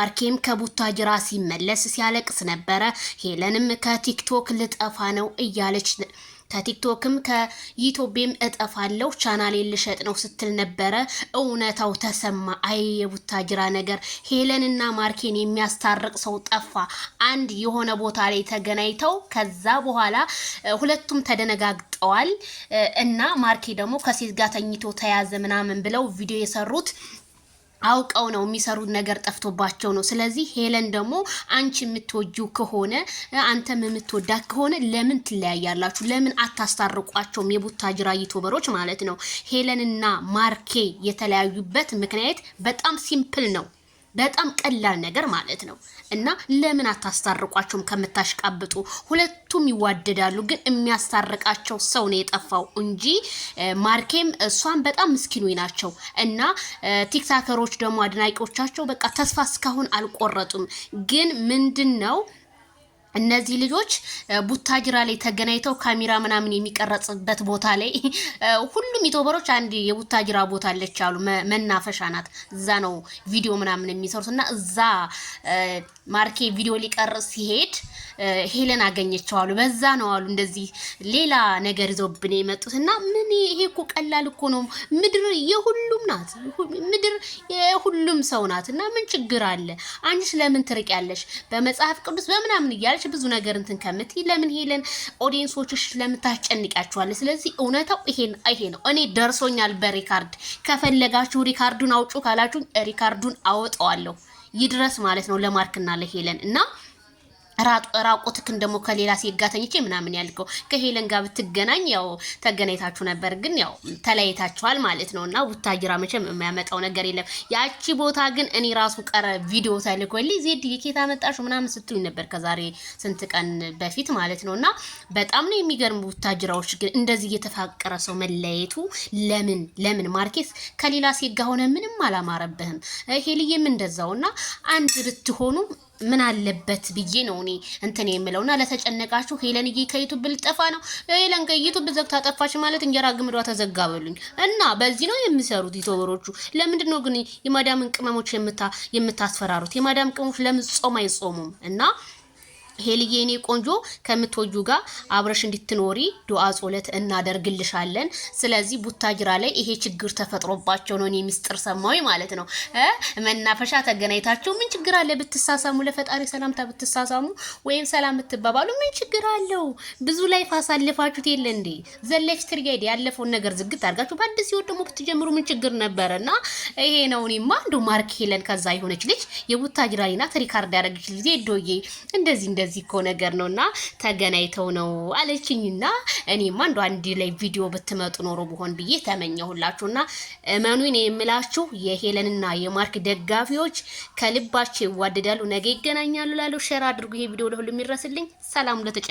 አርኬም ከቡታጅራ ሲመለስ ሲያለቅስ ነበረ። ሄለንም ከቲክቶክ ልጠፋ ነው እያለች ከቲክቶክም ከዩቲዩብም እጠፋለሁ ቻናሌ ልሸጥ ነው ስትል ነበረ። እውነታው ተሰማ። አይ የቡታጅራ ነገር ሄለንና ማርኬን የሚያስታርቅ ሰው ጠፋ። አንድ የሆነ ቦታ ላይ ተገናኝተው ከዛ በኋላ ሁለቱም ተደነጋግጠዋል እና ማርኬ ደግሞ ከሴት ጋር ተኝቶ ተያዘ ምናምን ብለው ቪዲዮ የሰሩት አውቀው ነው የሚሰሩት ነገር ጠፍቶባቸው ነው። ስለዚህ ሄለን ደግሞ አንቺ የምትወጁ ከሆነ አንተም የምትወዳት ከሆነ ለምን ትለያያላችሁ? ለምን አታስታርቋቸውም? የቡታጅራ ዩቱበሮች ማለት ነው። ሄለንና ማርኬ የተለያዩበት ምክንያት በጣም ሲምፕል ነው። በጣም ቀላል ነገር ማለት ነው። እና ለምን አታስታርቋቸውም? ከምታሽቃብጡ ሁለቱም ይዋደዳሉ። ግን የሚያስታርቃቸው ሰው ነው የጠፋው እንጂ ማርኬም እሷን በጣም ምስኪኑ ናቸው። እና ቲክታከሮች ደግሞ አድናቂዎቻቸው በቃ ተስፋ እስካሁን አልቆረጡም። ግን ምንድን ነው እነዚህ ልጆች ቡታጅራ ላይ ተገናኝተው ካሜራ ምናምን የሚቀረጽበት ቦታ ላይ ሁሉም ዩቱበሮች አንድ የቡታጅራ ቦታ አለች አሉ፣ መናፈሻ ናት። እዛ ነው ቪዲዮ ምናምን የሚሰሩት እና እዛ ማርኬ ቪዲዮ ሊቀርጽ ሲሄድ ሄለን አገኘችው አሉ። በዛ ነው አሉ እንደዚህ ሌላ ነገር ይዘውብን የመጡት እና ምን ይሄ እኮ ቀላል እኮ ነው። ምድር የሁሉም ናት፣ ምድር የሁሉም ሰው ናት እና ምን ችግር አለ? አንቺስ ለምን ትርቅ ያለሽ በመጽሐፍ ቅዱስ በምናምን እያለሽ እያለች ብዙ ነገር እንትን ከምትይ ለምን ሄለን ኦዲየንሶችሽ ለምን ስለዚህ እውነታው ይሄን ይሄ ነው። እኔ ደርሶኛል በሪካርድ ከፈለጋችሁ ሪካርዱን አውጩ ካላችሁ ሪካርዱን አወጣዋለሁ። ይድረስ ማለት ነው ለማርክና ለሄለን እና ራቁትክን ደግሞ ከሌላ ሴት ጋር ተኝቼ ምናምን ያልከው ከሄለን ጋር ብትገናኝ ያው ተገናኝታችሁ ነበር፣ ግን ያው ተለያይታችኋል ማለት ነው። እና ቡታጅራ መቼም የሚያመጣው ነገር የለም። ያቺ ቦታ ግን እኔ ራሱ ቀረ ቪዲዮ ተልኮልኝ ዜድ የኬታ መጣሹ ምናምን ስትሉኝ ነበር ከዛሬ ስንት ቀን በፊት ማለት ነው። እና በጣም ነው የሚገርም ቡታጅራዎች። ግን እንደዚህ እየተፋቀረ ሰው መለያየቱ ለምን ለምን? ማርኬስ ከሌላ ሴት ጋር ሆነ ምንም አላማረብህም፣ ሄልዬም እንደዛው እና አንድ ብትሆኑ ምን አለበት ብዬ ነው እኔ እንትን የምለው እና ለተጨነቃችሁ ሄለንዬ ከዩቱብ ልጠፋ ነው። ሄለን ከዩቱብ ዘግታ ጠፋች ማለት እንጀራ ግምዷ ተዘጋ በሉኝ እና በዚህ ነው የምሰሩት ዩቱበሮቹ። ለምንድን ነው ግን የማዳምን ቅመሞች የምታስፈራሩት? የማዳም ቅመሞች ለምን ጾም አይጾሙም እና ሄልዬ እኔ ቆንጆ ከምትወጁ ጋር አብረሽ እንድትኖሪ ዱዓ ጾለት እናደርግልሻለን። ስለዚህ ቡታጅራ ላይ ይሄ ችግር ተፈጥሮባቸው ነው። እኔ ሚስጥር ሰማሁኝ ማለት ነው። መናፈሻ ተገናኝታቸው ምን ችግር አለ ብትሳሳሙ፣ ለፈጣሪ ሰላምታ ብትሳሳሙ ወይም ሰላም ብትባባሉ ምን ችግር አለው? ብዙ ላይፍ አሳልፋችሁት የለ እንዴ? ዘለች ትርጋይድ ያለፈውን ነገር ዝግት አድርጋችሁ በአዲስ ሲወት ደግሞ ብትጀምሩ ምን ችግር ነበረ? እና ይሄ ነው። እኔማ እንደው ማርክ ሄለን ከዛ የሆነች ልጅ የቡታጅራ ናት ሪካርድ ያደረግች ጊዜ ዶዬ እንደዚህ እንደዚህ እንደዚህ እኮ ነገር ነው እና ተገናኝተው ነው አለችኝ። እኔማ አንዱ አንድ ላይ ቪዲዮ ብትመጡ ኖሮ በሆን ብዬ ተመኘሁላችሁ። እና እመኑን የምላችሁ የሄለንና የማርክ ደጋፊዎች ከልባቸው ይዋደዳሉ። ነገ ይገናኛሉ። ላለው ሼር አድርጉ። ይሄ ቪዲዮ ለሁሉ የሚደርስልኝ ሰላም ለተጨ